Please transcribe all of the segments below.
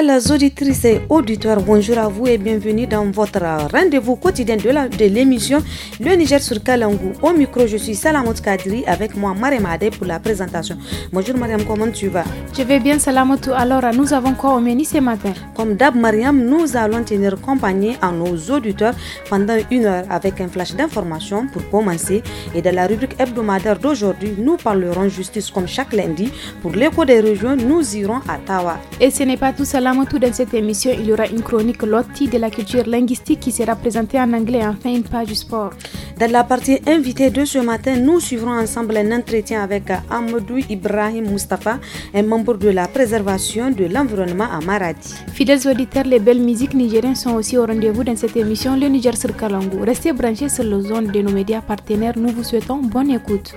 les auditrices et auditeurs, bonjour à vous et bienvenue dans votre rendez-vous quotidien de l'émission Le Niger sur Kalangou. Au micro, je suis Salamot Kadri avec moi, Mariam Ade, pour la présentation. Bonjour Mariam, comment tu vas Je vais bien, tout. Alors, nous avons quoi au menu ce matin Comme d'hab, Mariam, nous allons tenir compagnie à nos auditeurs pendant une heure avec un flash d'informations pour commencer. Et dans la rubrique hebdomadaire d'aujourd'hui, nous parlerons justice comme chaque lundi. Pour l'écho des régions, nous irons à Tawa. Et ce n'est pas tout, ça dans cette émission, il y aura une chronique Lotti de la culture linguistique qui sera présentée en anglais et enfin une page du sport. Dans la partie invitée de ce matin, nous suivrons ensemble un entretien avec Amadou Ibrahim Mustafa, un membre de la préservation de l'environnement à Maradi. Fidèles auditeurs, les belles musiques nigériennes sont aussi au rendez-vous dans cette émission Le Niger sur Kalangu. Restez branchés sur le zone de nos médias partenaires. Nous vous souhaitons bonne écoute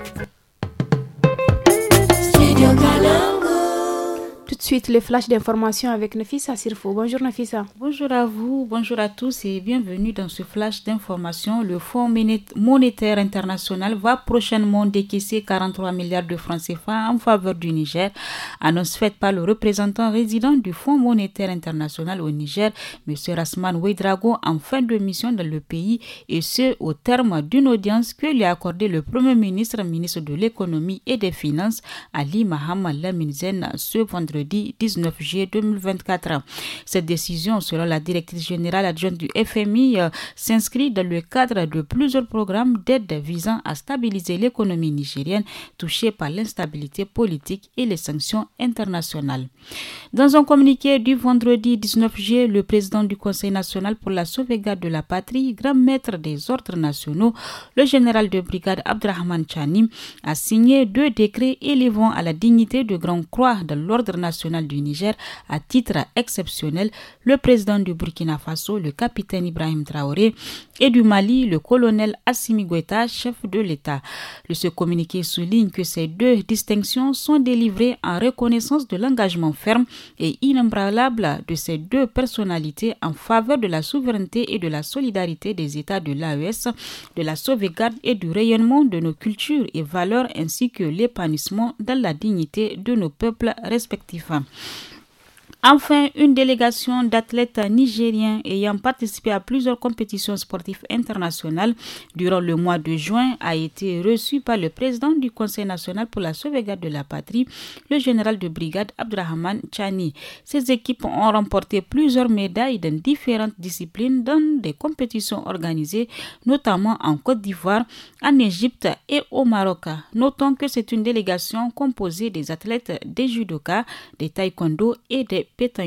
suite les flashs d'informations avec Nafisa Sirfo. Bonjour Nafisa. Bonjour à vous, bonjour à tous et bienvenue dans ce flash d'informations. Le Fonds monétaire international va prochainement décaisser 43 milliards de francs CFA en faveur du Niger. Annonce faite par le représentant résident du Fonds monétaire international au Niger, M. Rasman Ouedrago, en fin de mission dans le pays et ce au terme d'une audience que lui a accordée le Premier ministre, ministre de l'économie et des finances, Ali Mahamad Laminzen, ce vendredi 19 juillet 2024. Cette décision, selon la directrice générale adjointe du FMI, euh, s'inscrit dans le cadre de plusieurs programmes d'aide visant à stabiliser l'économie nigérienne touchée par l'instabilité politique et les sanctions internationales. Dans un communiqué du vendredi 19 juillet, le président du Conseil national pour la sauvegarde de la patrie, grand maître des ordres nationaux, le général de brigade Abdrahman Chani, a signé deux décrets élevant à la dignité de Grand Croix de l'ordre national du Niger à titre exceptionnel le président du Burkina Faso, le capitaine Ibrahim Traoré, et du Mali, le colonel Assimi Goïta, chef de l'État. Ce communiqué souligne que ces deux distinctions sont délivrées en reconnaissance de l'engagement ferme et inébranlable de ces deux personnalités en faveur de la souveraineté et de la solidarité des États de l'AES, de la sauvegarde et du rayonnement de nos cultures et valeurs ainsi que l'épanouissement dans la dignité de nos peuples respectifs. Jahre. Enfin, une délégation d'athlètes nigériens ayant participé à plusieurs compétitions sportives internationales durant le mois de juin a été reçue par le président du Conseil national pour la sauvegarde de la patrie, le général de brigade Abdrahman Chani. Ces équipes ont remporté plusieurs médailles dans différentes disciplines dans des compétitions organisées notamment en Côte d'Ivoire, en Égypte et au Maroc. Notons que c'est une délégation composée des athlètes des judokas, des taekwondo et des pète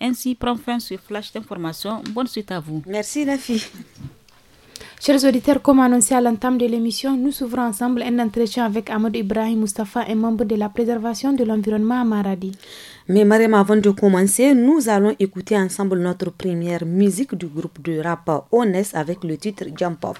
Ainsi prend fin ce flash d'information. Bonne suite à vous. Merci la fille. Chers auditeurs, comme annoncé à l'entame de l'émission, nous ouvrons ensemble un entretien avec Ahmed Ibrahim Mustafa, un membre de la préservation de l'environnement à Maradi. Mais Mariam, avant de commencer, nous allons écouter ensemble notre première musique du groupe de rap Honest avec le titre Jump Up.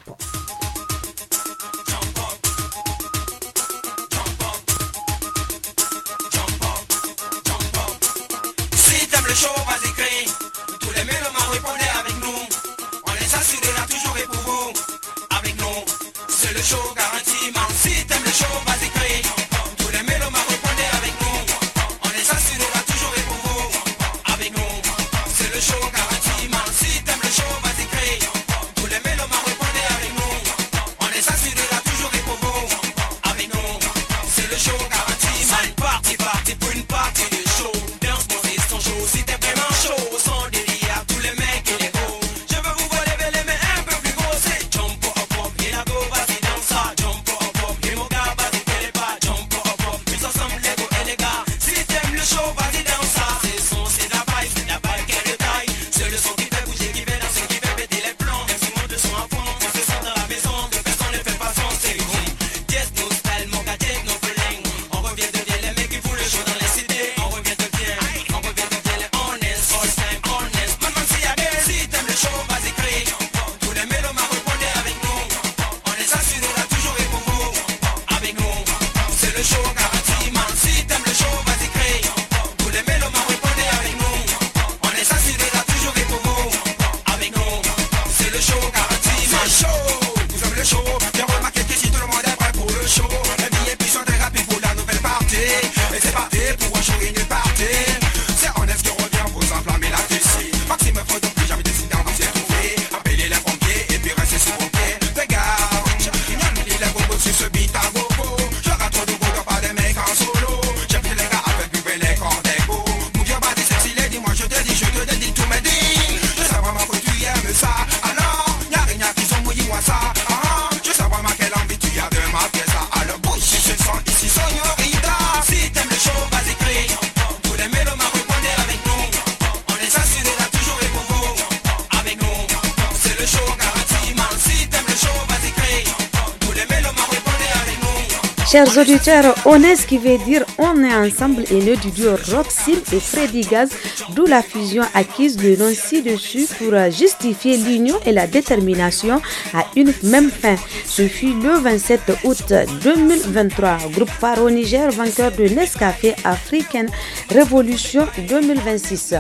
Chers auditeurs, on est ce qui veut dire on est ensemble et le duo Roxy et Freddy Gaz, d'où la fusion acquise le nom ci-dessus pour justifier l'union et la détermination à une même fin. Ce fut le 27 août 2023. Groupe Faro Niger, vainqueur de l'escafé africaine, révolution 2026.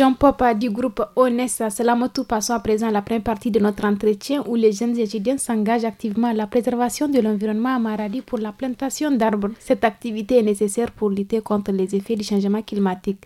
Jean Pop du groupe Honest tout passons à présent à la première partie de notre entretien où les jeunes étudiants s'engagent activement à la préservation de l'environnement à Maradi pour la plantation d'arbres. Cette activité est nécessaire pour lutter contre les effets du changement climatique.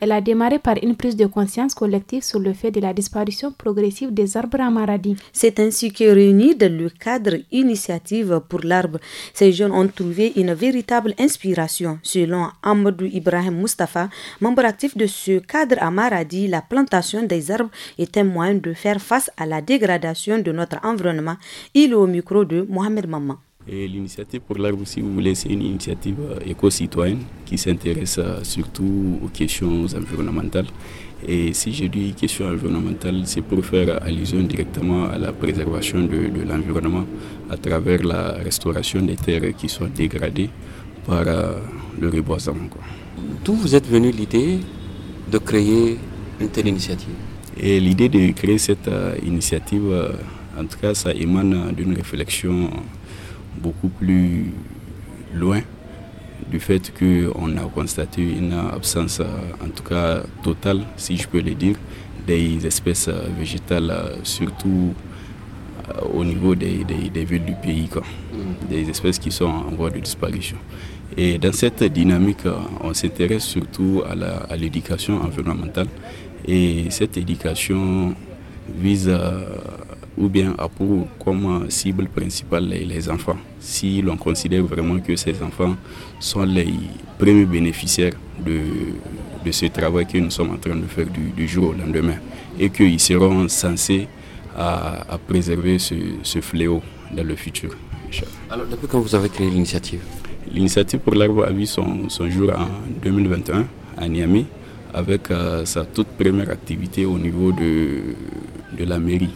Elle a démarré par une prise de conscience collective sur le fait de la disparition progressive des arbres à Maradi. C'est ainsi que réunis dans le cadre Initiative pour l'arbre, ces jeunes ont trouvé une véritable inspiration. Selon Amadou Ibrahim Mustafa, membre actif de ce cadre à Maradi, la plantation des arbres est un moyen de faire face à la dégradation de notre environnement. Il est au micro de Mohamed Maman. Et l'initiative pour l'arbre, si vous voulez, c'est une initiative euh, éco-citoyenne qui s'intéresse euh, surtout aux questions environnementales. Et si je dis questions environnementales, c'est pour faire allusion directement à la préservation de, l'environnement à travers la restauration des terres qui sont dégradées par euh, le reboisement. D'où vous êtes venu l'idée de créer une telle initiative Et l'idée de créer cette initiative, en tout cas, ça émane d'une réflexion beaucoup plus loin du fait qu'on a constaté une absence, euh, en tout cas totale, si je peux le dire, des espèces euh, végétales, euh, surtout au niveau des, des, villes du pays, quoi. Mm. des espèces qui sont en voie de disparition. Et dans cette dynamique, on s'intéresse surtout à l'éducation environnementale. Et cette éducation vise à ou bien à pour comme cible principale les, enfants. Si l'on considère vraiment que ces enfants sont les premiers bénéficiaires de, de ce travail que nous sommes en train de faire du, jour au lendemain et qu'ils seront censés à, préserver ce, fléau dans le futur. Alors, depuis quand vous avez créé l'initiative L'initiative pour l'arbre a vie son, jour en 2021 à Niamey avec euh, sa toute première activité au niveau de, de la mairie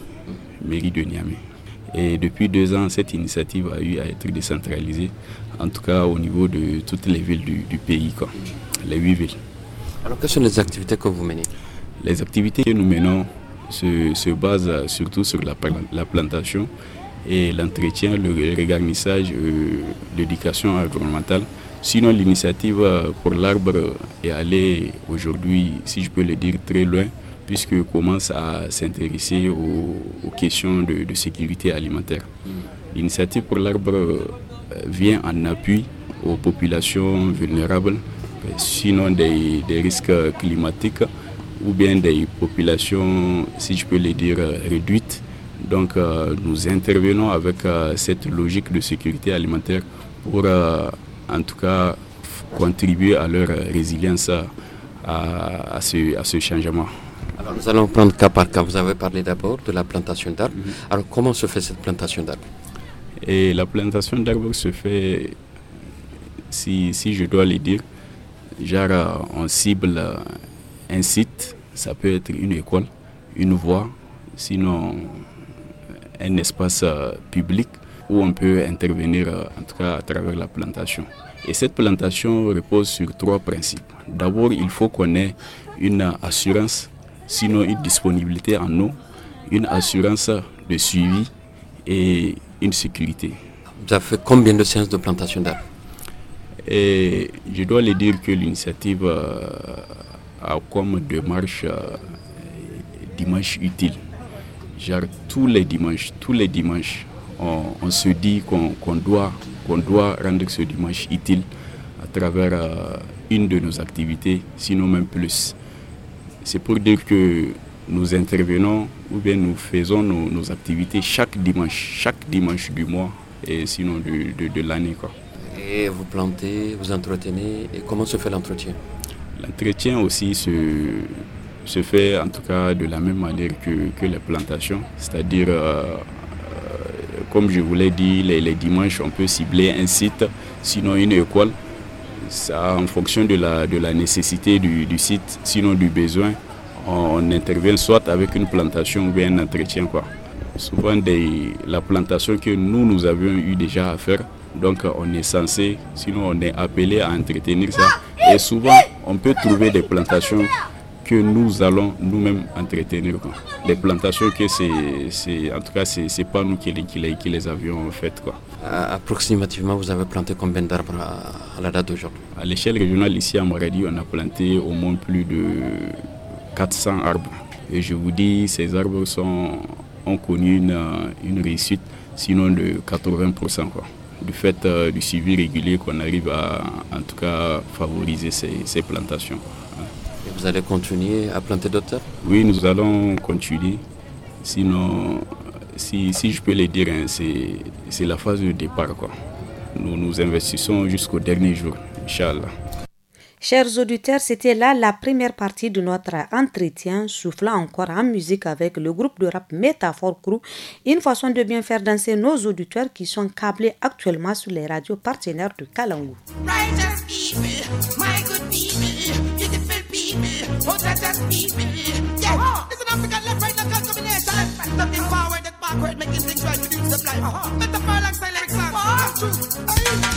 mairie de Niamey. Et depuis deux ans, cette initiative a eu à être décentralisée, en tout cas au niveau de toutes les villes du, pays, les huit villes. Alors, quelles sont les activités que vous menez Les activités que nous menons se, basent surtout sur la, plantation et l'entretien, le regarnissage, l'éducation euh, environnementale. Sinon, l'initiative euh, pour l'arbre est allée aujourd'hui, si je peux le dire, très loin puisque commence à s'intéresser aux, questions de, sécurité alimentaire. Mm. L'initiative pour l'arbre euh, vient en appui aux populations vulnérables, euh, sinon des, risques climatiques ou bien des populations, si je peux le dire, réduites. Donc euh, nous intervenons avec cette logique de sécurité alimentaire pour en tout cas contribuer à leur résilience à ce changement. Alors nous allons prendre cas par cas. Vous avez parlé d'abord de la plantation d'arbres. Mhm. Alors comment se fait cette plantation d'arbres Et la plantation d'arbres se fait, si, si, je dois le dire, genre euh, on cible euh, un site, ça peut être une école, une voie, sinon euh, un espace public où on peut intervenir en tout cas à travers la plantation. Et cette plantation repose sur trois principes. D'abord, il faut qu'on ait une assurance sinon une disponibilité en eau, une assurance de suivi et une sécurité. Vous avez fait combien de séances de plantation d'arbres et je dois le dire que l'initiative euh, a comme démarche euh, dimanche utile. Genre tous les dimanches, tous les dimanches, on, se dit qu'on doit, qu'on doit rendre ce dimanche utile à travers euh, une de nos activités, sinon même plus. C'est pour dire que nous intervenons ou bien nous faisons nos, activités chaque dimanche, chaque dimanche du mois et sinon de, l'année. Quoi. Et vous plantez, vous entretenez, et comment se fait l'entretien L'entretien aussi se, se fait en tout cas de la même manière que, que les plantations, c'est-à-dire, euh, euh, comme je vous l'ai dit, les, les dimanches, on peut cibler un site, sinon une école en fonction de la, nécessité du, site, sinon du besoin, on, intervient soit avec une plantation ou bien un entretien. Quoi. Souvent, la plantation que nous, nous avions eu déjà à faire, donc on est censé, sinon on est appelé à entretenir ça. Et souvent, on peut trouver des plantations que nous allons nous-mêmes entretenir. Des plantations que c'est, en tout cas, c'est, pas nous qui les, qui les, avions faites. Quoi. Euh, approximativement, vous avez planté combien d'arbres à, la date d'aujourd'hui À l'échelle régionale, ici à Moradi on a planté au moins plus de 400 arbres. Et je vous dis, ces arbres ont connu une, réussite, sinon de 80%. Du fait euh, du suivi régulier qu'on arrive à, en tout cas, favoriser ces, plantations. vous allez continuer à planter d'autres Oui, nous allons continuer. Sinon, si, je peux le dire, c'est la phase de départ. Quoi. Nous nous investissons jusqu'au dernier jour, Inch'Allah. Chers auditeurs, c'était là la première partie de notre entretien, soufflant encore en musique avec le groupe de rap Métaphore Crew, une façon de bien faire danser nos auditeurs qui sont câblés actuellement sur les radios partenaires de Kalangu. Margaret making things right, reduce them life. Metaphor like silent song.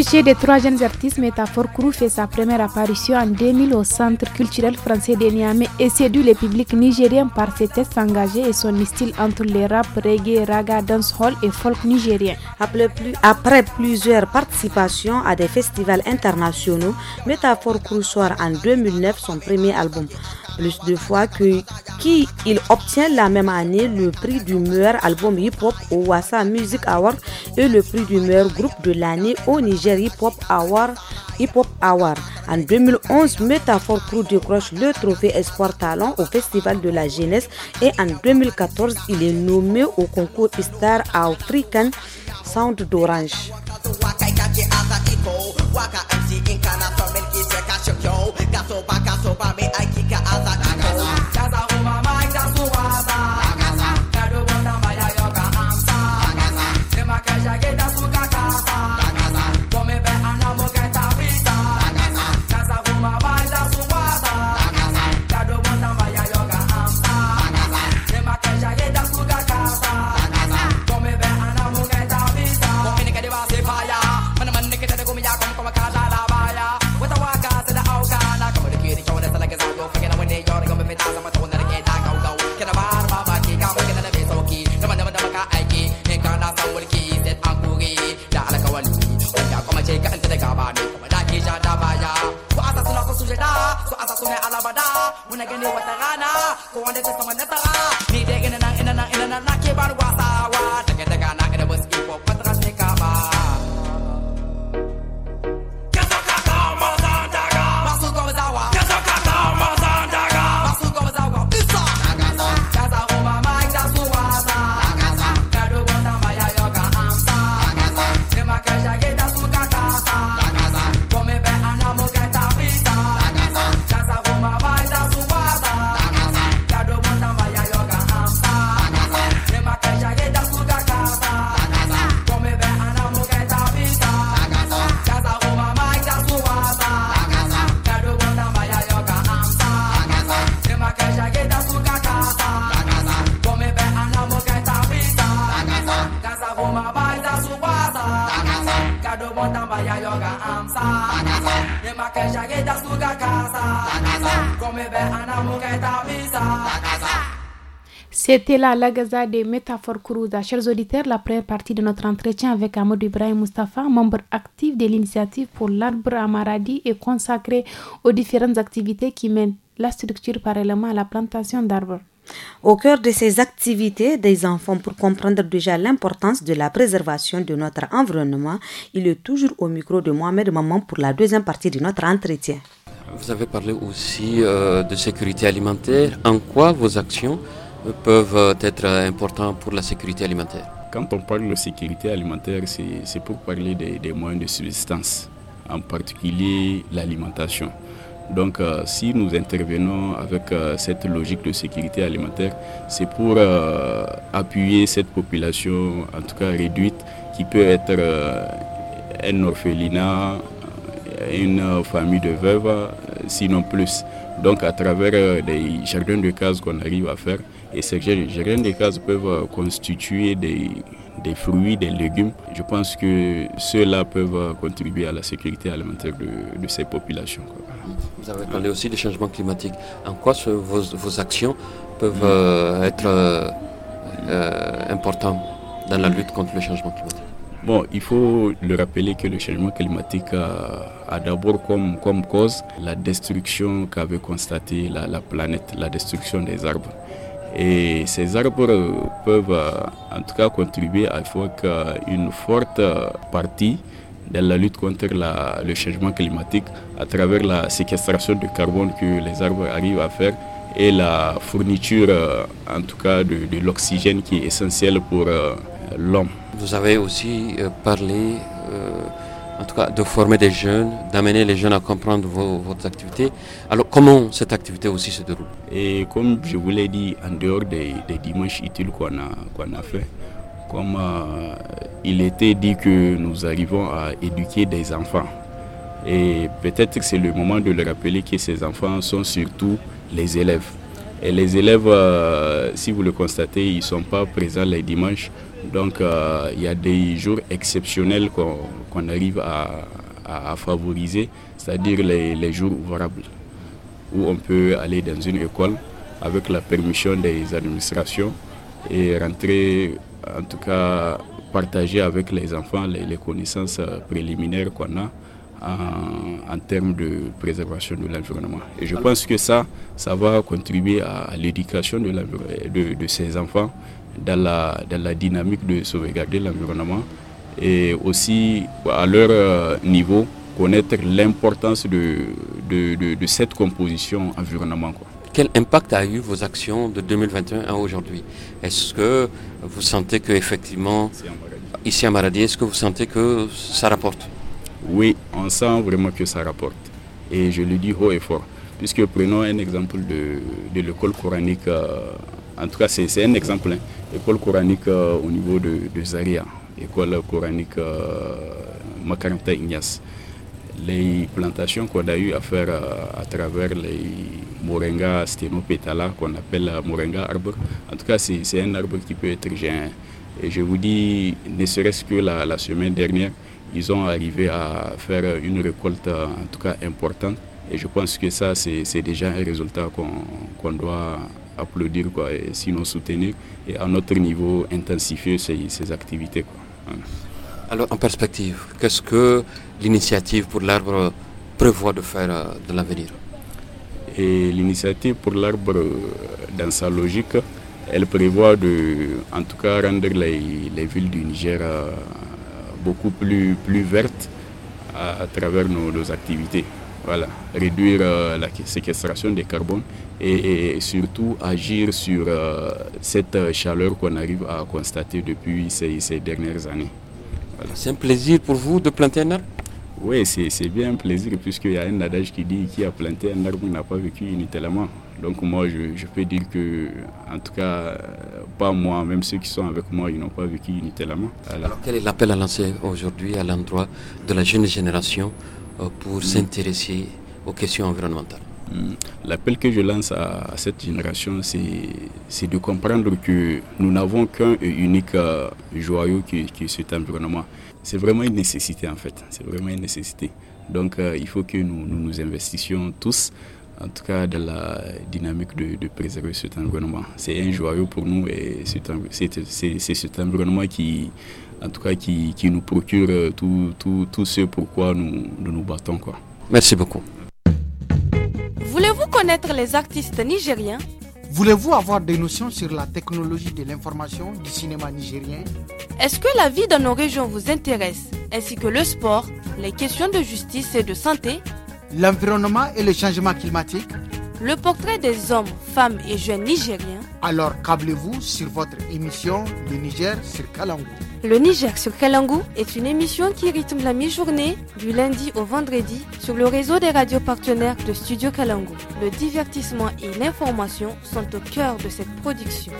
sujet des trois jeunes artistes, Métaphore Crew fait sa première apparition en 2000 au Centre culturel français de Niamey et séduit le public nigérien par ses tests engagés et son style entre les rap, reggae, raga, dancehall et folk nigérien. Après, plusieurs participations à des festivals internationaux, Métaphore Crew en 2009 son premier album. Plus de fois que qui il obtient la même année le prix du meilleur album hip-hop au Wassa Music Award et le prix du meilleur groupe de l'année au Niger Pop hop Award Hip Hop Award. En 2011, Métaphore Crew décroche le trophée Espoir Talent au Festival de la Jeunesse et en 2014, il est nommé au concours Star African Sound d'Orange. C'était là la Gaza des Métaphores Kourouza. Chers auditeurs, la première partie de notre entretien avec Amadou Ibrahim Mustafa, membre actif de l'initiative pour l'arbre à Maradi, est consacrée aux différentes activités qui mènent la structure parallèlement à la plantation d'arbres. Au cœur de ces activités des enfants, pour comprendre déjà l'importance de la préservation de notre environnement, il est toujours au micro de Mohamed Maman pour la deuxième partie de notre entretien. Vous avez parlé aussi euh, de sécurité alimentaire. En quoi vos actions peuvent être importants pour la sécurité alimentaire. Quand on parle de sécurité alimentaire, c'est pour parler des, moyens de subsistance, en particulier l'alimentation. Donc euh, si nous intervenons avec euh, cette logique de sécurité alimentaire, c'est pour euh, appuyer cette population, en tout cas réduite, qui peut être un orphelinat, une famille de veuves, sinon plus. Donc à travers des jardins de cases qu'on arrive à faire, et ces germes de cases peuvent euh, constituer des, des fruits, des légumes. Je pense que ceux-là peuvent euh, contribuer à la sécurité alimentaire de, ces populations. Vous avez parlé aussi des changements climatiques. En quoi vos, actions peuvent mm. euh, être importantes dans la lutte contre le changement climatique Bon, il faut le rappeler que le changement climatique a, d'abord comme, comme cause la destruction qu'avait constatée la planète, la destruction des arbres. Et ces arbres peuvent euh, en tout cas contribuer à faire euh, une forte euh, partie de la lutte contre le changement climatique à travers la séquestration de carbone que les arbres arrivent à faire et la fourniture en tout cas de, l'oxygène qui est essentiel pour l'homme. Vous avez aussi parlé en tout cas de former des jeunes, d'amener les jeunes à comprendre votre activité. Alors comment cette activité aussi se déroule Et comme je vous l'ai dit, en dehors des, dimanches utiles qu'on a, qu'on a fait, comme euh, il était dit que nous arrivons à éduquer des enfants. Et peut-être que c'est le moment de le rappeler que ces enfants sont surtout les élèves. Et les élèves, euh, si vous le constatez, ils ne sont pas présents les dimanches donc euh, il y a des jours exceptionnels qu'on arrive à, favoriser, c'est-à-dire les, jours ouvrables, où on peut aller dans une école avec la permission des administrations et rentrer, en tout cas partager avec les enfants les, connaissances euh, préliminaires qu'on a. En, termes de préservation de l'environnement. Et je pense que ça, ça va contribuer à, l'éducation de, ces enfants dans la, dans la dynamique de sauvegarder l'environnement et aussi à leur euh, niveau connaître l'importance de, de, de, cette composition environnement. Quoi. Quel impact a eu vos actions de 2021 à aujourd'hui Est-ce que vous sentez que effectivement ici à Maradi, est-ce que vous sentez que ça rapporte Oui, on sent vraiment que ça rapporte. Et je le dis haut et fort. Puisque prenons un exemple de, l'école coranique euh, en tout cas, c'est un exemple. L'école hein. École coranique euh, au niveau de, Zaria, école coranique euh, Ignace. Les plantations qu'on a eu à faire euh, à travers les moringa sténopétala, qu'on appelle euh, moringa arbre, en tout cas, c'est un arbre qui peut être géant. Et je vous dis, ne serait-ce que la, semaine dernière, ils ont arrivé à faire une récolte en tout cas importante. Et je pense que ça, c'est déjà un résultat qu'on doit applaudir quoi, et sinon soutenir et à notre niveau intensifier ces, activités. Alors en perspective, qu'est-ce que l'initiative pour l'arbre prévoit de faire euh, de l'avenir Et l'initiative pour l'arbre, euh, dans sa logique, elle prévoit de, en tout cas, rendre les, villes du Niger euh, beaucoup plus, plus vertes à, travers nos, nos activités. Voilà, réduire euh, la séquestration des carbones et, surtout agir sur euh, cette euh, chaleur qu'on arrive à constater depuis ces, dernières années. C'est un plaisir pour vous de planter un arbre Oui, c'est bien un plaisir puisqu'il y a un adage qui dit qui a planté un arbre n'a pas vécu inutilement. Donc moi, je, peux dire que, en tout cas, pas moi, même ceux qui sont avec moi, ils n'ont pas vécu inutilement. Alors. Alors, quel est l'appel à lancer aujourd'hui à l'endroit de la jeune génération euh, pour mm. s'intéresser aux questions environnementales. Mm. L'appel que je lance à, cette génération, c'est de comprendre que nous n'avons qu'un unique euh, joyau qui, est cet environnement. C'est vraiment une nécessité en fait, c'est vraiment une nécessité. Donc euh, il faut que nous nous, investissions tous en tout cas dans la dynamique de préserver cet environnement. C'est un joyau pour nous et c'est cet environnement qui, en tout cas qui, nous procure euh, tout, ce pourquoi nous nous, nous battons. Quoi. Merci beaucoup. Voulez-vous connaître les artistes nigériens Voulez-vous avoir des notions sur la technologie de l'information du cinéma nigérien Est-ce que la vie dans nos régions vous intéresse, ainsi que le sport, les questions de justice et de santé L'environnement et le changement climatique Le portrait des hommes, femmes et jeunes nigériens Alors câblez-vous sur votre émission Le Niger sur Kalangou. Le Niger sur Kalangu est une émission qui rythme la mi-journée du lundi au vendredi sur le réseau des radios partenaires de Studio Kalangu. Le divertissement et l'information sont au cœur de cette production.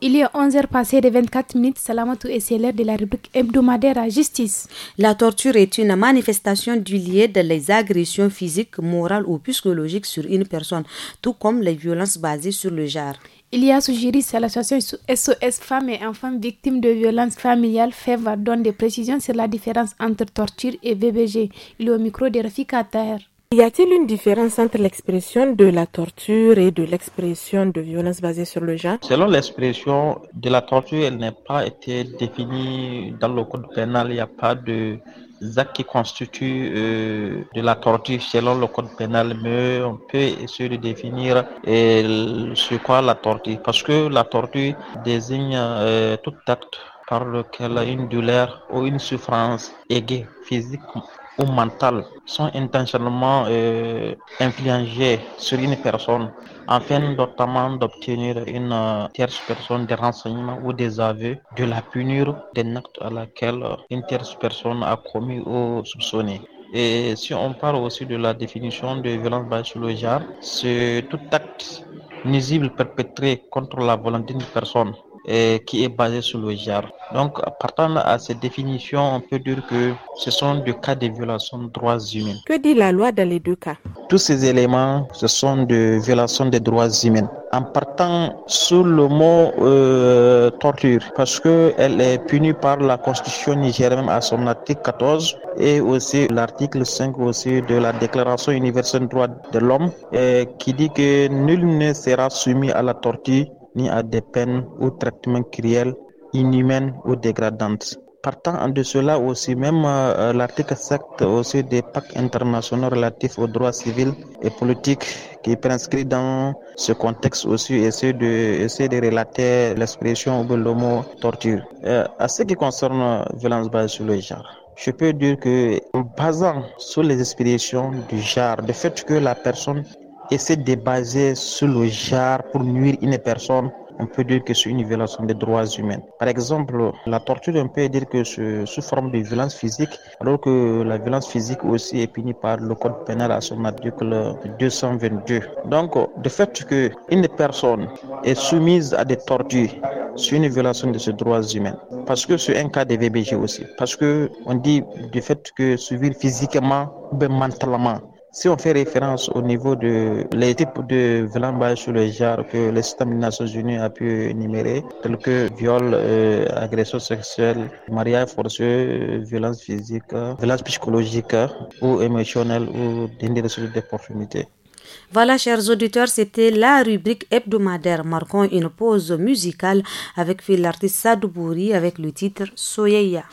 Il est 11h passé de 24 minutes. Salamatou et c'est de la rubrique hebdomadaire à justice. La torture est une manifestation du lien de les agressions physiques, morales ou psychologiques sur une personne, tout comme les violences basées sur le genre. Il y a suggéré à l'association SOS Femmes et Enfants Victimes de Violences Familiales FEVA donne des précisions sur la différence entre torture et VBG. Il est au micro des Y a-t-il une différence entre l'expression de la torture et de l'expression de violence basée sur le genre Selon l'expression de la torture, elle n'a pas été définie dans le code pénal. Il n'y a pas de actes qui constituent euh, de la torture selon le code pénal, mais on peut essayer de définir ce euh, quoi la torture, parce que la torture désigne euh, tout acte par lequel une douleur ou une souffrance aiguë, physique ou mentale sont intentionnellement infligées sur une personne afin notamment d'obtenir une euh, tierce personne des renseignements ou des aveux de la punure d'un acte à laquelle une tierce personne a commis ou soupçonné. Et si on parle aussi de la définition de violence basée sur c'est tout acte nuisible perpétré contre la volonté d'une personne qui est basé sur le jar Donc, partant à cette définition, on peut dire que ce sont des cas de violation des droits humains. Que dit la loi dans les deux cas Tous ces éléments, ce sont des violations des droits humains. En partant sur le mot euh, torture, parce qu'elle est punie par la Constitution nigérienne à son article 14 et aussi l'article 5 aussi de la Déclaration universelle des droits de l'homme qui dit que nul ne sera soumis à la torture à des peines ou traitements cruels, inhumains ou dégradants. Partant de cela aussi, même euh, euh, l'article 7 aussi des pactes internationaux relatifs aux droits civils et politiques qui est inscrit dans ce contexte aussi essaie de, essaie de relater l'expression ou le mot torture. Euh, à ce qui concerne violence basée sur le genre, je peux dire que en basant sur les expressions du genre, le fait que la personne et c'est débasé sur le genre pour nuire une personne, on peut dire que c'est une violation des droits humains. Par exemple, la torture, on peut dire que c'est sous forme de violence physique, alors que la violence physique aussi est punie par le code pénal à son article 222. Donc, de fait que une personne est soumise à des tortures, c'est une violation de ses droits humains. Parce que c'est un cas de VBG aussi. Parce que on dit du fait que subir physiquement ou mentalement si on fait référence au niveau de les types de violences sur les genre que le système des Nations Unies a pu énumérer, tels que viol, agressions euh, agression sexuelle, mariage forcé, violence physique, violence psychologique ou émotionnelle ou des d'opportunité. Voilà, chers auditeurs, c'était la rubrique hebdomadaire marquant une pause musicale avec l'artiste Sadou Bouri avec le titre Soyeya.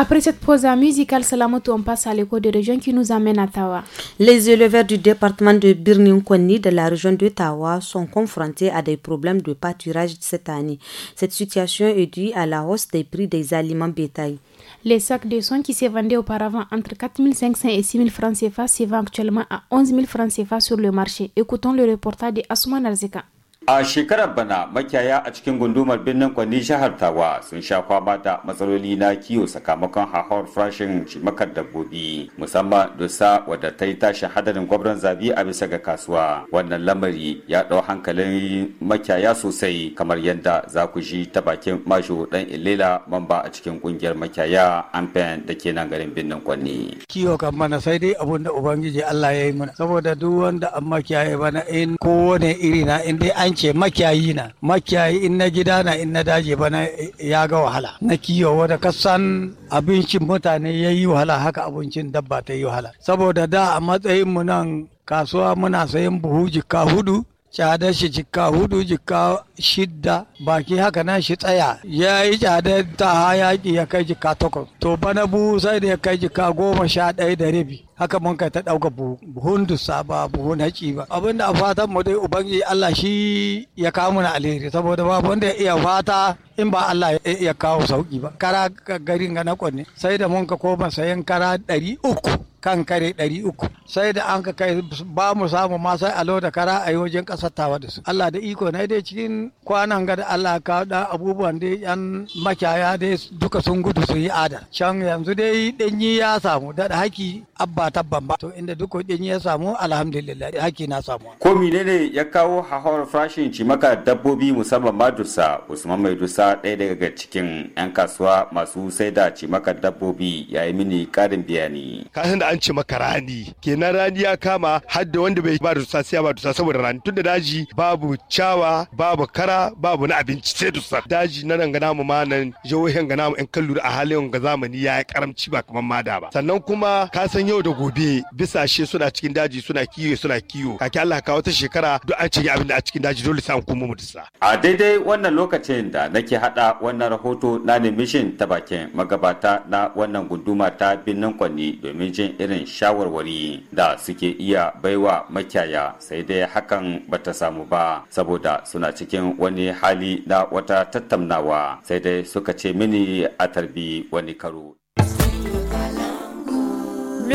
Après cette pause musicale, Salamoto, on passe à l'écho de région qui nous amène à Tawa. Les éleveurs du département de Birninkoni de la région de Tawa sont confrontés à des problèmes de pâturage cette année. Cette situation est due à la hausse des prix des aliments bétail. Les sacs de soins qui se vendaient auparavant entre 4 500 et 6 000 francs CFA se actuellement à 11 000 francs CFA sur le marché. Écoutons le reportage de Asuma Arzeka. A shekarar bana makiyaya a cikin gundumar birnin kwanni jihar Tawa sun sha kwaba da matsaloli na kiwo sakamakon hahawar farashin shimakar dabbobi musamman dusa wadda ta yi tashi hadarin gwabran zabi a bisa ga kasuwa. Wannan lamari ya ɗau hankalin makiyaya sosai kamar yadda za ku ji ta bakin Majo Dan Ilela mamba a cikin kungiyar makiyaya Amfen da ke nan garin birnin kwanni. Kiwo kan mana sai dai abun da Ubangiji Allah ya yi mana saboda duk wanda an makiyaye bana in kowane iri na in dai an ce makiyayi na makiyayi in na gida na in na daji bana ya ga wahala na kiyo wanda kasan abincin mutane ya yi wahala haka abincin dabba ta yi wahala saboda da a matsayin mu nan kasuwa muna sayan buhu jikka hudu cadar shi jikka hudu jikka shidda baki haka na shi tsaya ya yi cadar ta yaƙi ya kai jika takwas to bana buhu sai da ya kai jika goma sha ɗaya da rabi haka mun kai ta ɗauka buhun dusa ba buhun haci ba abin da a fatan mu dai ubangiji Allah shi ya kawo mana alheri saboda ba wanda ya iya fata in ba Allah ya kawo sauki ba kara garin ga na kwanne sai da mun ka koma sayan kara ɗari uku kan kare ɗari uku sai da an ka kai ba mu samu ma sai alo da kara a yi wajen ƙasar tawa da su Allah da iko na dai cikin kwanan ga da Allah ka da abubuwan da yan makiyaya dai duka sun gudu su yi ada can yanzu dai danyi ya samu da haki abba tabban ba to inda duka danyi ya samu alhamdulillah haki na samu ko ne ya kawo hahawar farashin cimaka dabbobi musamman ma dusa Usman Mai Dusa ɗaya daga cikin yan kasuwa masu sai da cimaka dabbobi yayi mini karin bayani san da an ce maka rani kenan rani ya kama har wanda bai ba dusa sai ba dusa saboda rani tunda daji babu cawa babu kara babu na abinci sai dusa daji na nan ga namu ma nan jihohin ga namu in kan lura a halin ga zamani ya karamci ba kamar mada ba sannan kuma ka san yau da gobe bisa shi suna cikin daji suna kiyo suna kiyo kake Allah ka wata shekara duk an cinye abin da a cikin daji dole sai an kuma mu dusa a daidai wannan lokacin da nake hada wannan rahoto na ne mission ta bakin magabata na wannan gunduma ta binnan kwanni domin jin irin shawarwari da suke iya baiwa makiyaya sai dai hakan bata samu ba saboda suna cikin Le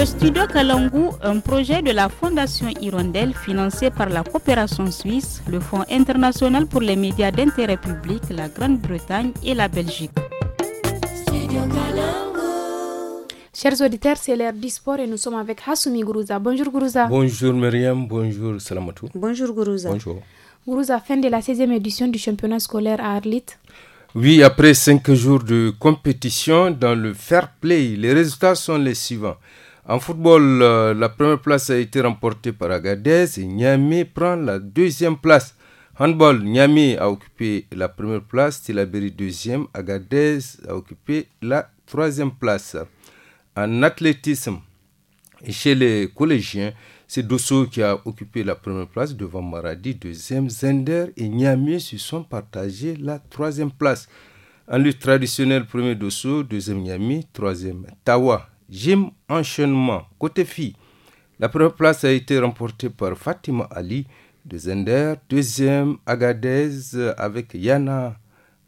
studio Kalangu, un projet de la Fondation Hirondelle financé par la coopération suisse, le Fonds international pour les médias d'intérêt public, la Grande-Bretagne et la Belgique. Chers auditeurs, c'est l'heure du sport et nous sommes avec Hassoumi Gourouza. Bonjour Gourouza. Bonjour Myriam, bonjour Salamatou. Bonjour Gourouza. Bonjour la fin de la 16e édition du championnat scolaire à Arlit Oui, après 5 jours de compétition dans le fair play, les résultats sont les suivants. En football, euh, la première place a été remportée par Agadez et Niamey prend la deuxième place. Handball, Niamey a occupé la première place, Tilaberi deuxième, Agadez a occupé la troisième place. En athlétisme, chez les collégiens, c'est Dosso qui a occupé la première place devant Maradi, deuxième. Zender et Niamey se sont partagés la troisième place. En lutte traditionnelle, premier Dosso, deuxième Niamey, troisième Tawa. Gym enchaînement. Côté filles, la première place a été remportée par Fatima Ali de Zender, deuxième Agadez avec Yana,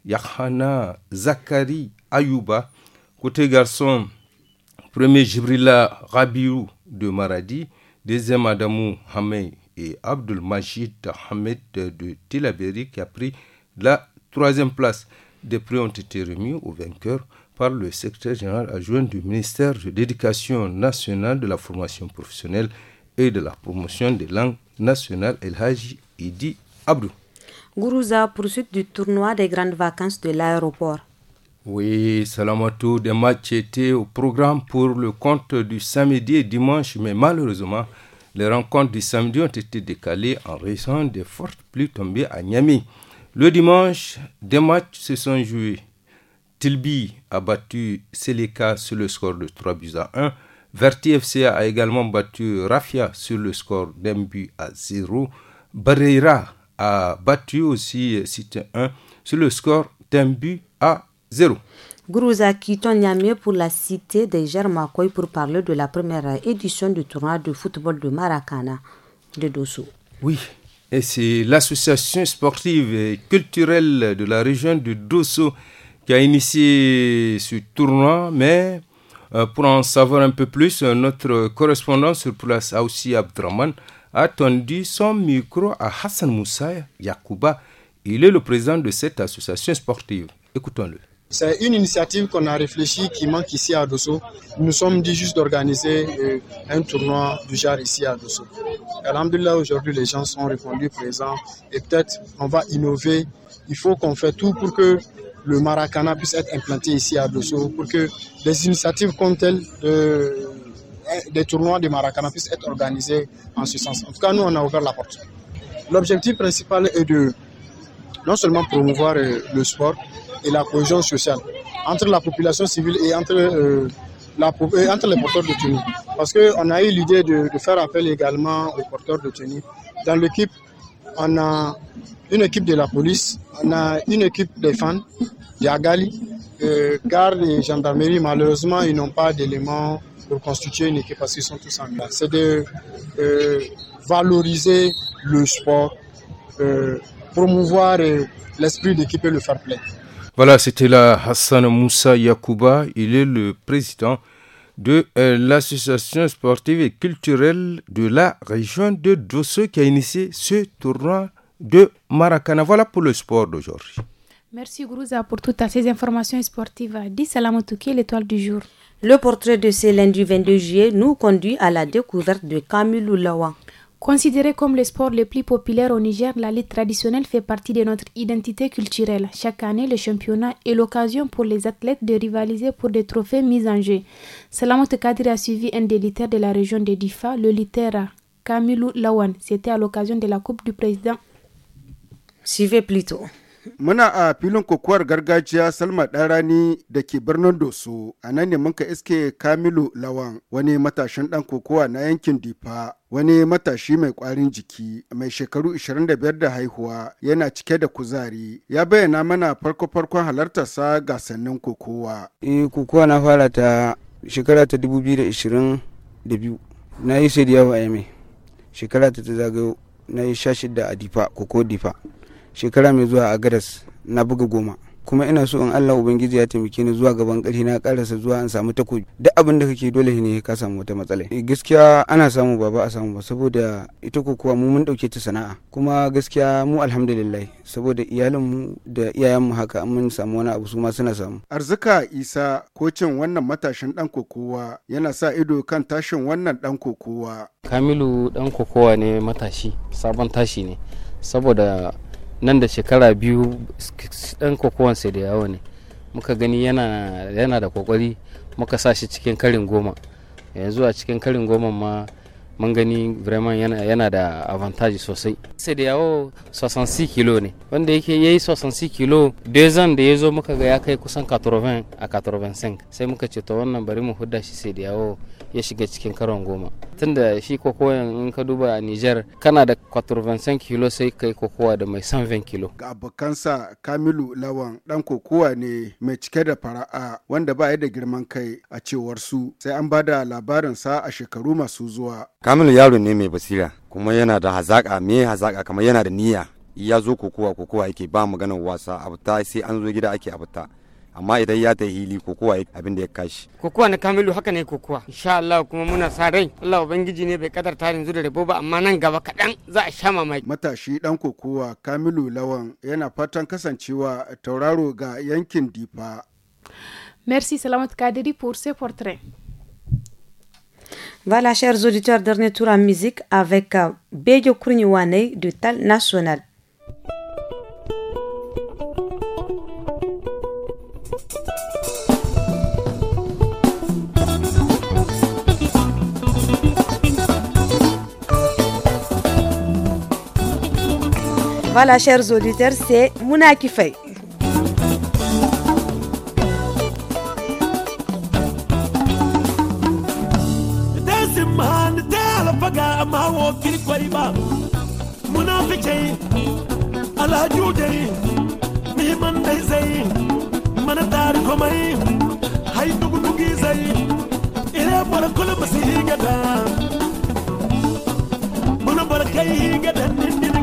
Yahana, Zakari, Ayuba. Côté garçon, premier Jibrila Rabiou de Maradi, Deuxième Adamou Hamey et Abdul Majid Hamed de Tilaberi qui a pris la troisième place. Des prix ont été remis aux vainqueurs par le secrétaire général adjoint du ministère de l'Éducation nationale, de la formation professionnelle et de la promotion des langues nationales, El Haji Idi Abdou. Gourouza, poursuite du tournoi des grandes vacances de l'aéroport. Oui, Salamato, des matchs étaient au programme pour le compte du samedi et dimanche, mais malheureusement, les rencontres du samedi ont été décalées en raison des fortes pluies tombées à Niamey. Le dimanche, des matchs se sont joués. Tilby a battu Seleka sur le score de 3 buts à 1. Verti FCA a également battu Rafia sur le score d'un but à 0. Barreira a battu aussi Cité 1 sur le score d'un but à 0. Gourouza quitte mieux pour la cité des Germakoy pour parler de la première édition du tournoi de football de Maracana de Dosso. Oui, et c'est l'association sportive et culturelle de la région de Dosso qui a initié ce tournoi, mais euh, pour en savoir un peu plus, euh, notre correspondant sur place, Aoussi Abdraman, a tendu son micro à Hassan Moussa Yakouba. Il est le président de cette association sportive. Écoutons-le. C'est une initiative qu'on a réfléchi qui manque ici à Dosso. Nous sommes dit juste d'organiser euh, un tournoi du genre ici à Dosso. Alhamdulillah, aujourd'hui, les gens sont répondus présents et peut-être on va innover. Il faut qu'on fait tout pour que le Maracana puisse être implanté ici à Dosso, pour que des initiatives comme telles de, euh, des tournois de Maracana puissent être organisés en ce sens. En tout cas, nous, on a ouvert la porte. L'objectif principal est de non seulement promouvoir euh, le sport, et la cohésion sociale entre la population civile et entre, euh, la, entre les porteurs de tenue. Parce qu'on a eu l'idée de, faire appel également aux porteurs de tenue. Dans l'équipe, on a une équipe de la police, on a une équipe des fans, des Agali, euh, garde et gendarmerie. Malheureusement, ils n'ont pas d'éléments pour constituer une équipe parce qu'ils sont tous en place. C'est de euh, valoriser le sport, euh, promouvoir l'esprit d'équipe et le fair play. Voilà, c'était la Hassan Moussa Yakuba. Il est le président de euh, l'association sportive et culturelle de la région de Dosso qui a initié ce tournoi de Maracana. Voilà pour le sport d'aujourd'hui. Merci Gourouza pour toutes ces informations sportives. Dis l'étoile du jour. Le portrait de ce lundi 22 juillet nous conduit à la découverte de Kamilou Oulawa. Considéré comme le sport le plus populaire au Niger, la lutte traditionnelle fait partie de notre identité culturelle. Chaque année, le championnat est l'occasion pour les athlètes de rivaliser pour des trophées mis en jeu. Salamot Kadri a suivi un des de la région de Difa, le Littéra Kamilou Lawan. C'était à l'occasion de la Coupe du Président. Suivez plutôt. Muna a filin kokowar gargajiya Salma Ɗarani da ke birnin Doso, a nan ne muka iske Kamilu Lawan, wani matashin ɗan kokowa na yankin Difa. Wani matashi mai ƙwarin jiki mai shekaru 25 da haihuwa yana cike da kuzari ya bayyana mana farko-farkon halartarsa gasannin kokowa. Eh kokowa na fara ta shekara ta 2022 na yi sai da yawa a yame shekara ta ta zagayo na yi sha shida a difa koko difa shekara mai zuwa a gadas na buga goma kuma ina so in Allah ubangiji ya taimake ni zuwa gaban ƙarfi na karasa zuwa in samu takobi duk abin da kake dole ne ka samu wata matsala eh, gaskiya ana samu ba ba a samu ba saboda ita ko kuwa mu mun dauke ta sana'a kuma gaskiya mu alhamdulillah saboda iyalin mu da iyayen mu haka mun samu wani abu su ma suna samu arzika isa kocin wannan matashin dan kokowa yana sa ido kan tashin wannan dan kokowa kamilu dan kokowa ne matashi sabon tashi ne saboda nan da shekara biyu ɗan kokowansa da yawo ne muka gani yana da kokwari muka sa shi cikin karin goma yanzu a cikin karin goma ma mun gani vraiment yana, yana da avantage sosai sai da yawo 66 kilo ne wanda yake ya yi 66 kilo dezan da ya zo muka ga ya kai kusan 80 a 85 sai muka ce to wannan bari mu hudda shi sai da yawo ya shiga cikin karon goma tunda shi kokoyan in ka duba a Nijar kana da 85 kilo sai kai kokowa da mai 70 kilo ga abokansa Kamilu Lawan dan kokowa ne mai cike da fara'a wanda ba ya da girman kai a cewar su sai an bada labarin sa a shekaru masu zuwa Kamilu yaro ne mai basira kuma yana da hazaka me hazaka kamar yana da niyya ya zo kokowa kokowa yake ba maganar wasa abuta sai an zo gida ake abuta amma idan ya ta hili kokowa abin da ya kashi kokowa na kamilu haka ne kokowa insha Allah kuma muna sa rai Allah ubangiji ne bai kadar yanzu da rabo ba amma nan gaba kaɗan za a sha mamaki matashi dan kokowa kamilu lawan yana fatan kasancewa tauraro ga yankin difa Merci Salamat kadiri pour ce portrait. Voilà, chers auditeurs, dernier tour en musique avec Bejo Kurniwane du Tal National. Voilà, chers auditeurs, c'est Mouna qui fait.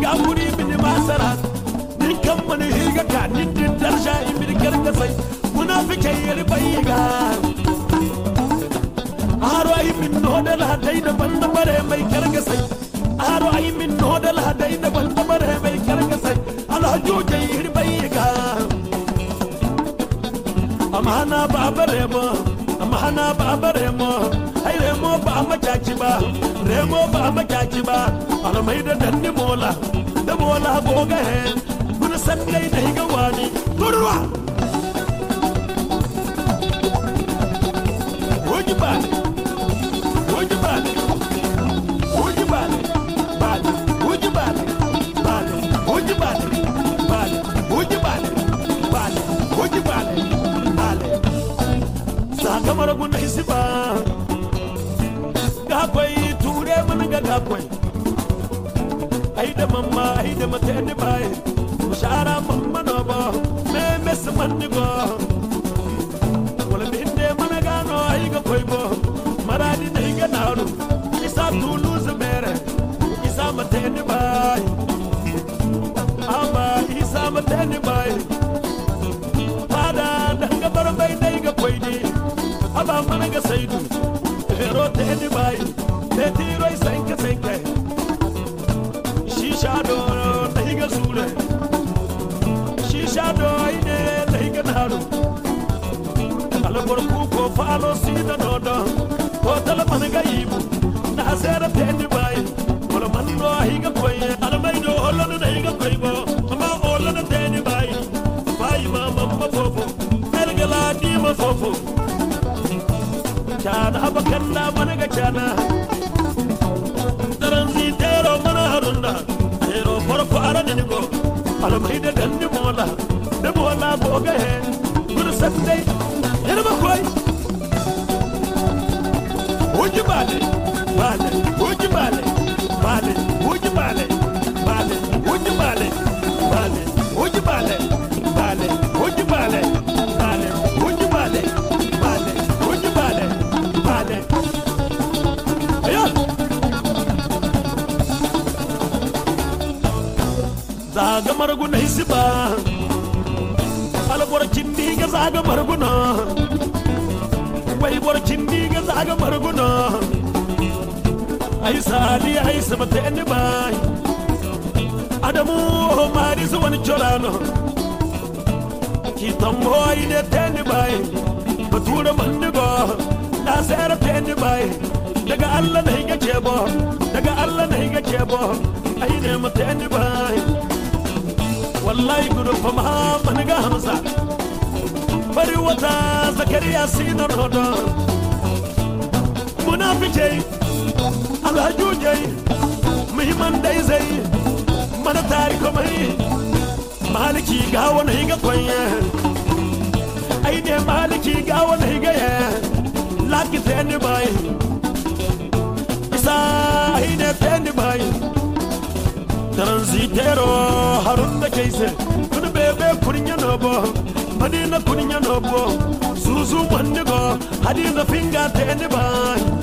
ga muri masarat nin kan mani hilga ka nin din darsha imin karkasai munafikai yarbai ga aro ai min no da la dai da banda bare mai karkasai aro ai min no da la dai da banda bare mai karkasai alhajojai yarbai ga amana babare mo amana babare mo ai remo ba ma makaci ba remo ba ma makaci ba ala mai da danni mola da mola go ga he kun san dai da ga wani durwa hoji ba hoji ba hoji ba ba hoji ba ba hoji ba ba hoji ba ba hoji ba ba sakamar gun hisiba da ga kwai ai da mamma ai da mata ni bai mushara mamma no ba, me mes man ni go wala min de mana no ai ga kwai bo maradi dai ga naru isa tulu zubere isa mata ni bai amma isa mata ni bay. fada dan ga bar bai dai ga kwai ne aba mana ga saidu ero te ni gorku ko falo si da dodo hotel man ga ibu na hasera tendi bai wala man no hi ga koi ala mai do holla no dai ga koi go ma holla no tendi bai bai ma ma ma fofo fer ga la di ma fofo chana abakan na man chana daran si tero man harunda tero por fara ni go ala mai de dan ni mola de mola go ga he guru sande bale, bale, vale, vale, bale, uji vale, bale, o de bale, vale, bale, bale, vale, vale, bale, uji vale, bale, o de bale. vale, Zaga marguna hisiba, alabora chindi ga zaga marguna. wai borcin diga zaga barguna aysaali aysamate eni baay adamu maarisi wani colaano kiitambo ayidete eni baay batuura mandigo dhaaseerate eni baay daga alla nahiga jeebo daga alla nahiga jeebo ayineemate eni baay wallahi gudufamahaa maniga hamsa bari wata zakariya siina nodo munaafijey Mala Junjay, Miman Daisy, Manatari Komai, Maliki Gawan Higa Koya, Ide Maliki Gawan Higa, Lucky Tandy by Isa Ide Tandy by Transitero Harun the Case, Kunabebe Kurinya Nobo, Madina Kurinya Nobo, Suzu Mandigo, Hadina Finger Tandy by.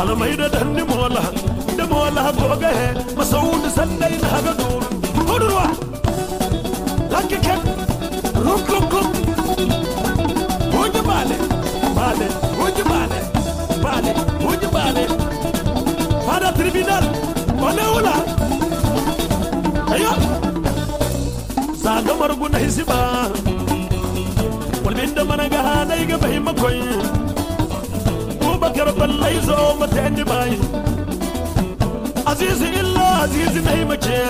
అలమైన దన్ని మూల మూల పోగే మా సౌండ్ సన్నై నగదు కొడురువా లక్కి కెట్ రుక్ రుక్ రుక్ ఊంజి బాలే బాలే ఊంజి బాలే బాలే ఊంజి బాలే పాద ట్రిబ్యునల్ బనేవులా అయ్యో సాగమరుగు నహిసిబా కొల్మిండ మనగా నైగ బహిమ కొయ్యి karban laizo mata ni bai azizi illa azizi mai mace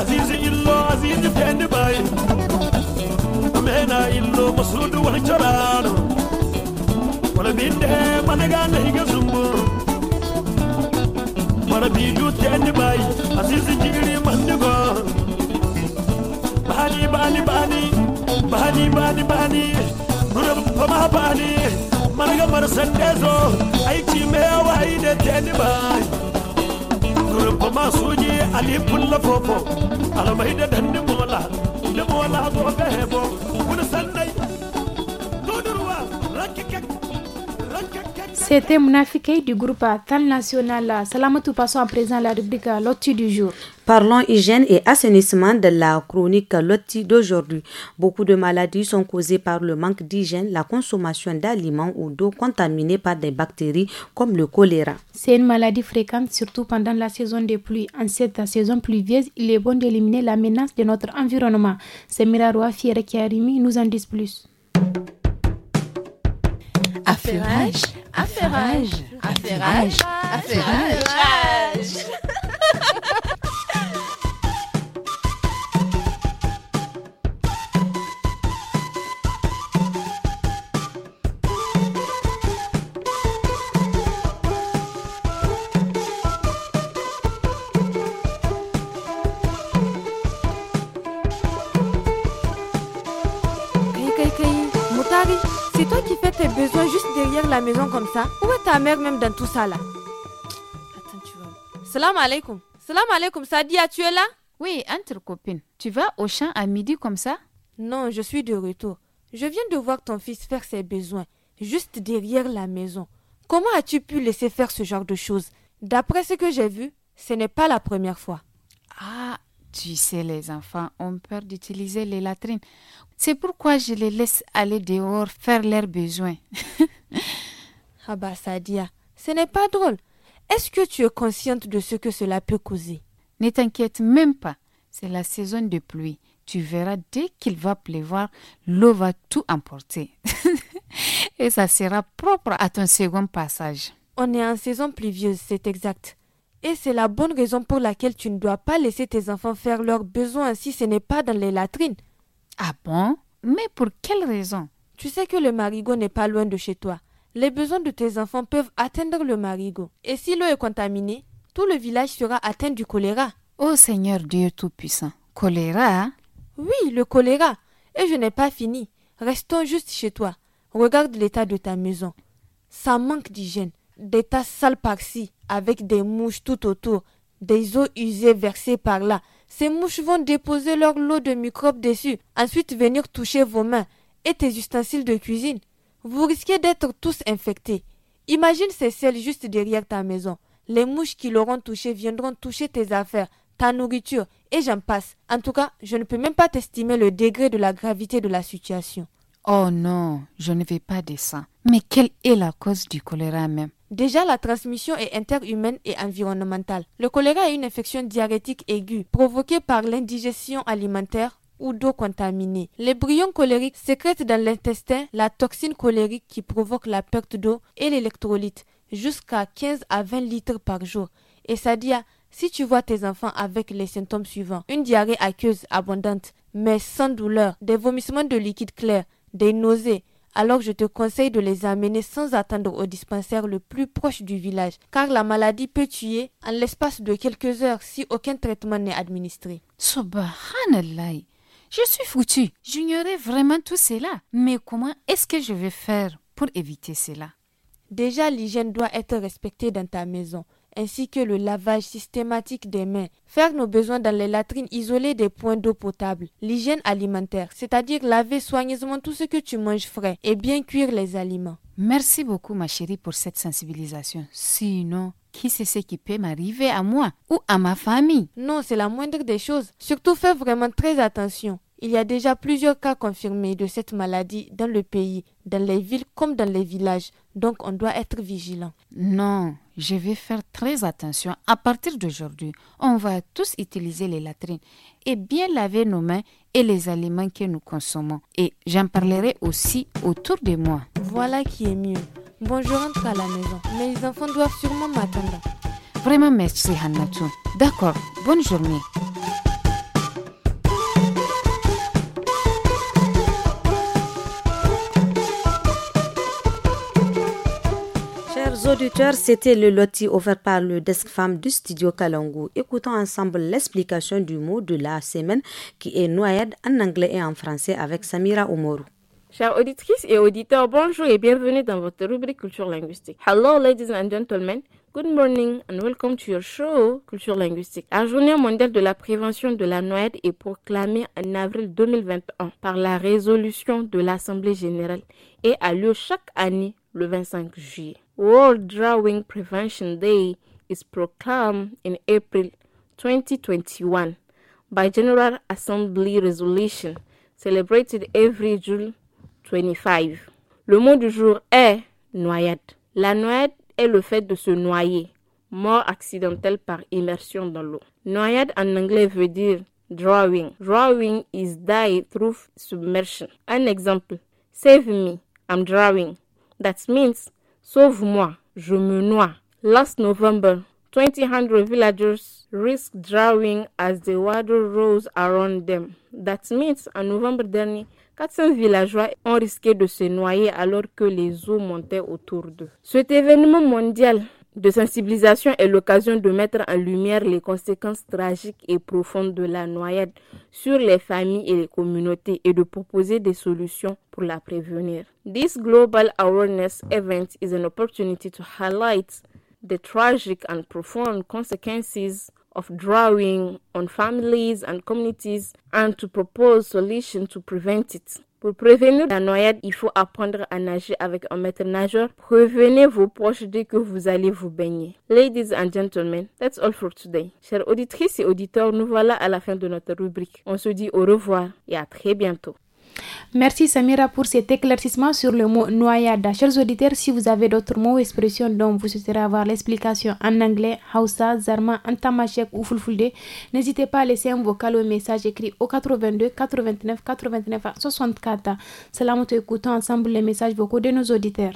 azizi illa azizi fendi bai amena illo masudu wani carano wani binde managa na higa zumbu wani bidu tendi bai azizi jiri mandigo bani bani bani bani bani bani nurabba ma bani margamar sandezo aiki mai wayi da teni bai rumfa masu ji alifin lafofo alamai da dandin mola da mola zo ga hebo C'était Mounafiké du groupe Athan National. Salamatou, passons à présent la rubrique Lotti du jour. Parlons hygiène et assainissement de la chronique Lotti d'aujourd'hui. Beaucoup de maladies sont causées par le manque d'hygiène, la consommation d'aliments ou d'eau contaminés par des bactéries comme le choléra. C'est une maladie fréquente, surtout pendant la saison des pluies. En cette saison pluvieuse, il est bon d'éliminer la menace de notre environnement. C'est qui Fierre remis, nous en disent plus. Affairage, affairage, affairage, affairage. C'est toi qui fais tes besoins la maison comme ça Où est ta mère même dans tout ça là Attends, tu Salam alaikum. Salam alaikum, Sadia, tu es là Oui, entre copines. Tu vas au champ à midi comme ça Non, je suis de retour. Je viens de voir ton fils faire ses besoins, juste derrière la maison. Comment as-tu pu laisser faire ce genre de choses D'après ce que j'ai vu, ce n'est pas la première fois. Ah, tu sais, les enfants ont peur d'utiliser les latrines c'est pourquoi je les laisse aller dehors faire leurs besoins. ah bah Sadia, ce n'est pas drôle. Est-ce que tu es consciente de ce que cela peut causer Ne t'inquiète même pas. C'est la saison de pluie. Tu verras dès qu'il va pleuvoir, l'eau va tout emporter. Et ça sera propre à ton second passage. On est en saison pluvieuse, c'est exact. Et c'est la bonne raison pour laquelle tu ne dois pas laisser tes enfants faire leurs besoins si ce n'est pas dans les latrines. Ah bon Mais pour quelle raison Tu sais que le marigot n'est pas loin de chez toi. Les besoins de tes enfants peuvent atteindre le marigot. Et si l'eau est contaminée, tout le village sera atteint du choléra. Ô oh Seigneur Dieu Tout-Puissant, choléra hein? Oui, le choléra. Et je n'ai pas fini. Restons juste chez toi. Regarde l'état de ta maison. Ça manque d'hygiène. Des tas sales par-ci, avec des mouches tout autour, des eaux usées versées par là, ces mouches vont déposer leur lot de microbes dessus, ensuite venir toucher vos mains et tes ustensiles de cuisine. Vous risquez d'être tous infectés. Imagine ces selles juste derrière ta maison. Les mouches qui l'auront touché viendront toucher tes affaires, ta nourriture, et j'en passe. En tout cas, je ne peux même pas t'estimer le degré de la gravité de la situation. Oh non, je ne vais pas descendre. Mais quelle est la cause du choléra même Déjà, la transmission est interhumaine et environnementale. Le choléra est une infection diarrhétique aiguë provoquée par l'indigestion alimentaire ou d'eau contaminée. Les brillons cholériques sécrètent dans l'intestin la toxine cholérique qui provoque la perte d'eau et l'électrolyte jusqu'à 15 à 20 litres par jour. Et ça dit, si tu vois tes enfants avec les symptômes suivants, une diarrhée aqueuse abondante, mais sans douleur, des vomissements de liquide clair, des nausées, alors je te conseille de les amener sans attendre au dispensaire le plus proche du village, car la maladie peut tuer en l'espace de quelques heures si aucun traitement n'est administré. Subhanallah, je suis foutu. J'ignorais vraiment tout cela. Mais comment est-ce que je vais faire pour éviter cela Déjà, l'hygiène doit être respectée dans ta maison ainsi que le lavage systématique des mains, faire nos besoins dans les latrines isolées des points d'eau potable, l'hygiène alimentaire, c'est-à-dire laver soigneusement tout ce que tu manges frais et bien cuire les aliments. Merci beaucoup ma chérie pour cette sensibilisation. Sinon, qui sait ce qui peut m'arriver à moi ou à ma famille Non, c'est la moindre des choses. Surtout fais vraiment très attention. Il y a déjà plusieurs cas confirmés de cette maladie dans le pays, dans les villes comme dans les villages, donc on doit être vigilant. Non, je vais faire très attention. À partir d'aujourd'hui, on va tous utiliser les latrines et bien laver nos mains et les aliments que nous consommons. Et j'en parlerai aussi autour de moi. Voilà qui est mieux. Bon, je rentre à la maison, mais les enfants doivent sûrement m'attendre. Vraiment, merci Hanatou. D'accord, bonne journée. auditeurs, c'était le loti offert par le desk femme du studio Kalangu. Écoutons ensemble l'explication du mot de la semaine qui est noyade en anglais et en français avec Samira Omoru. Chers auditrices et auditeurs, bonjour et bienvenue dans votre rubrique culture linguistique. Hello, ladies and gentlemen. Good morning and welcome to your show Culture Linguistique. La journée mondiale de la prévention de la noyade est proclamée en avril 2021 par la résolution de l'Assemblée générale et a lieu chaque année le 25 juillet. World Drowning Prevention Day is proclaimed in April 2021 by General Assembly Resolution celebrated every June 25. Le mot du jour est noyade. La noyade est le fait de se noyer, mort accidentelle par immersion dans l'eau. Noyade en anglais veut dire drawing. Drawing is die through submersion. An example, save me, I'm drowning. That means Sauve-moi, je me noie. Last November, 200 villagers risked drowning as the water rose around them. That means, en novembre dernier, 400 villageois ont risqué de se noyer alors que les eaux montaient autour d'eux. Cet événement mondial de sensibilisation est l'occasion de mettre en lumière les conséquences tragiques et profondes de la noyade sur les familles et les communautés et de proposer des solutions pour la prévenir. This global awareness event is an opportunity to highlight the tragic and profound consequences of drawing on families and communities and to propose solutions to prevent it. Pour prévenir la noyade, il faut apprendre à nager avec un maître nageur. Prévenez vos proches dès que vous allez vous baigner. Ladies and gentlemen, that's all for today. Chères auditrices et auditeurs, nous voilà à la fin de notre rubrique. On se dit au revoir et à très bientôt. Merci Samira pour cet éclaircissement sur le mot noyada. Chers auditeurs, si vous avez d'autres mots ou expressions dont vous souhaiterez avoir l'explication en anglais, Hausa, Zarma, Antamachek ou Fulfulde, n'hésitez pas à laisser un vocal ou un message écrit au 82 89 89 64. Cela nous écoutons ensemble les messages vocaux de nos auditeurs.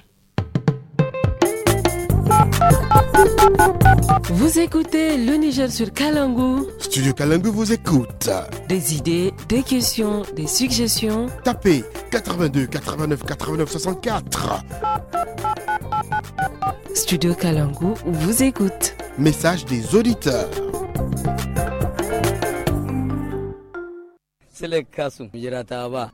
Vous écoutez le Niger sur Kalangu. Studio Kalangu vous écoute. Des idées, des questions, des suggestions. Tapez 82 89 89 64. Studio Kalangu vous écoute. Message des auditeurs. C'est kasu ba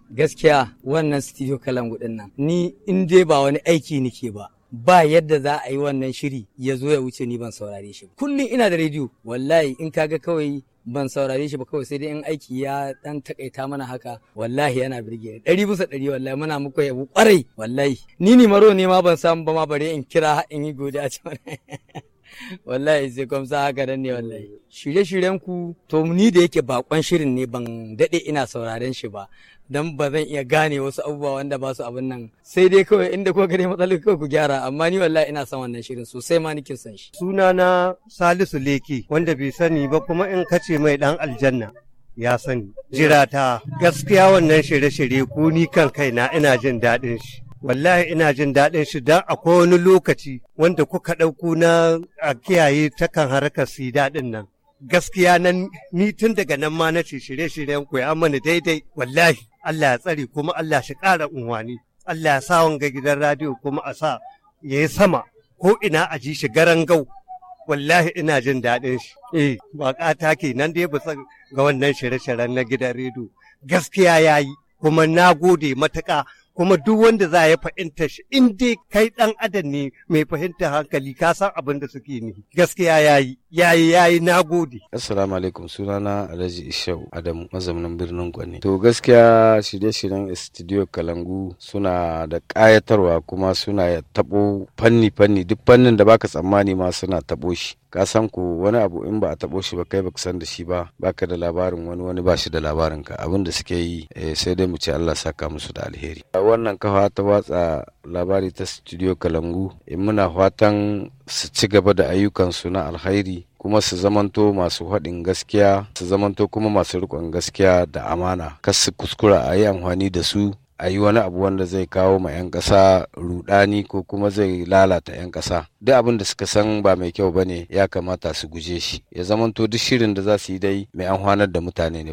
studio kalangu ni in ba aiki bah. ba yadda za a yi wannan shiri ya zo ya wuce ni ban saurare shi kullum ina da rediyo wallahi in ka ga kawai ban saurare shi ba kawai sai dai in aiki ya dan takaita mana haka wallahi yana birge ɗari bisa ɗari wallahi muna muku yabo kwarai wallahi ni ni maro ne ma ban samu ba ma bare in kira in yi godiya wallahi sai sa haka nan ne wallahi eh. shirye-shiryen ku to ni da yake bakon shirin ne ban dade ina sauraren shi ba dan ba zan iya gane wasu abubuwa wanda ba su abin nan sai dai kawai inda kuka gane matsalar ka ku gyara amma ni wallahi ina son wannan shirin sosai ma nake son shi sunana Salisu Leki wanda bai sani ba kuma in kace mai dan aljanna ya sani jirata gaskiya wannan shirye-shirye ku ni kan kaina ina jin daɗin shi wallahi ina jin daɗin shi don akwai wani lokaci wanda kuka ɗauku na a kiyaye takan harkar yi daɗin nan. Gaskiya nan ni tun daga nan ma na ce shirye-shiryen ku ya mana daidai wallahi Allah ya tsare kuma Allah shi ƙara unwani. Allah ya sa wanga gidan radio kuma a sa ya yi sama ko ina a ji shi garan Wallahi ina jin daɗin shi. Eh, ta ke nan dai bisa ga wannan shirye-shiryen na gidan radio. Gaskiya ya yi kuma na gode matuƙa kuma duk wanda za ya fahimta shi in dai kai ɗan adam ne mai fahimta hankali ka san abin da suke ni gaskiya yayi yayi yayi na gode assalamu alaikum sunana alhaji ishau adamu mazaunin birnin gwani to gaskiya shirye-shiryen studio kalangu suna da ƙayatarwa kuma suna taɓo fanni-fanni duk fannin da baka tsammani ma suna taɓo shi ka san ko wani abu in ba a taɓo shi ba kai baka san da shi ba baka da labarin wani wani ba shi da labarin ka abin da suke yi eh, sai dai mu ce Allah saka musu da alheri wannan kafa ta watsa labari ta studio kalangu in eh, muna fatan su ci gaba da ayyukansu na alkhairi kuma su zamanto masu haɗin gaskiya su zamanto kuma masu riƙon gaskiya da amana kas su kuskura a yi amfani da su a yi wani abu wanda zai kawo ma 'yan ƙasa rudani ko kuma zai lalata 'yan ƙasa duk abin da suka san ba mai kyau ba ne ya kamata su guje shi ya zamanto duk shirin da za su yi dai mai amfanar da mutane ne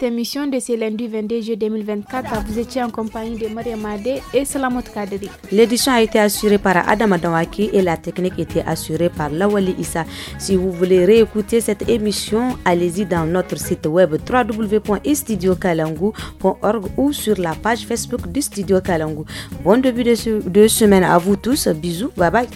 cette émission de ce lundi 22 juillet 2024. Vous étiez en compagnie de Maria et Salamot Kadri. L'édition a été assurée par Adam Adamaki et la technique était assurée par Lawali Issa. Si vous voulez réécouter cette émission, allez-y dans notre site web www.istudiokalangu.org ou sur la page Facebook du Studio Kalangu. Bon début de semaine à vous tous. Bisous. Bye bye.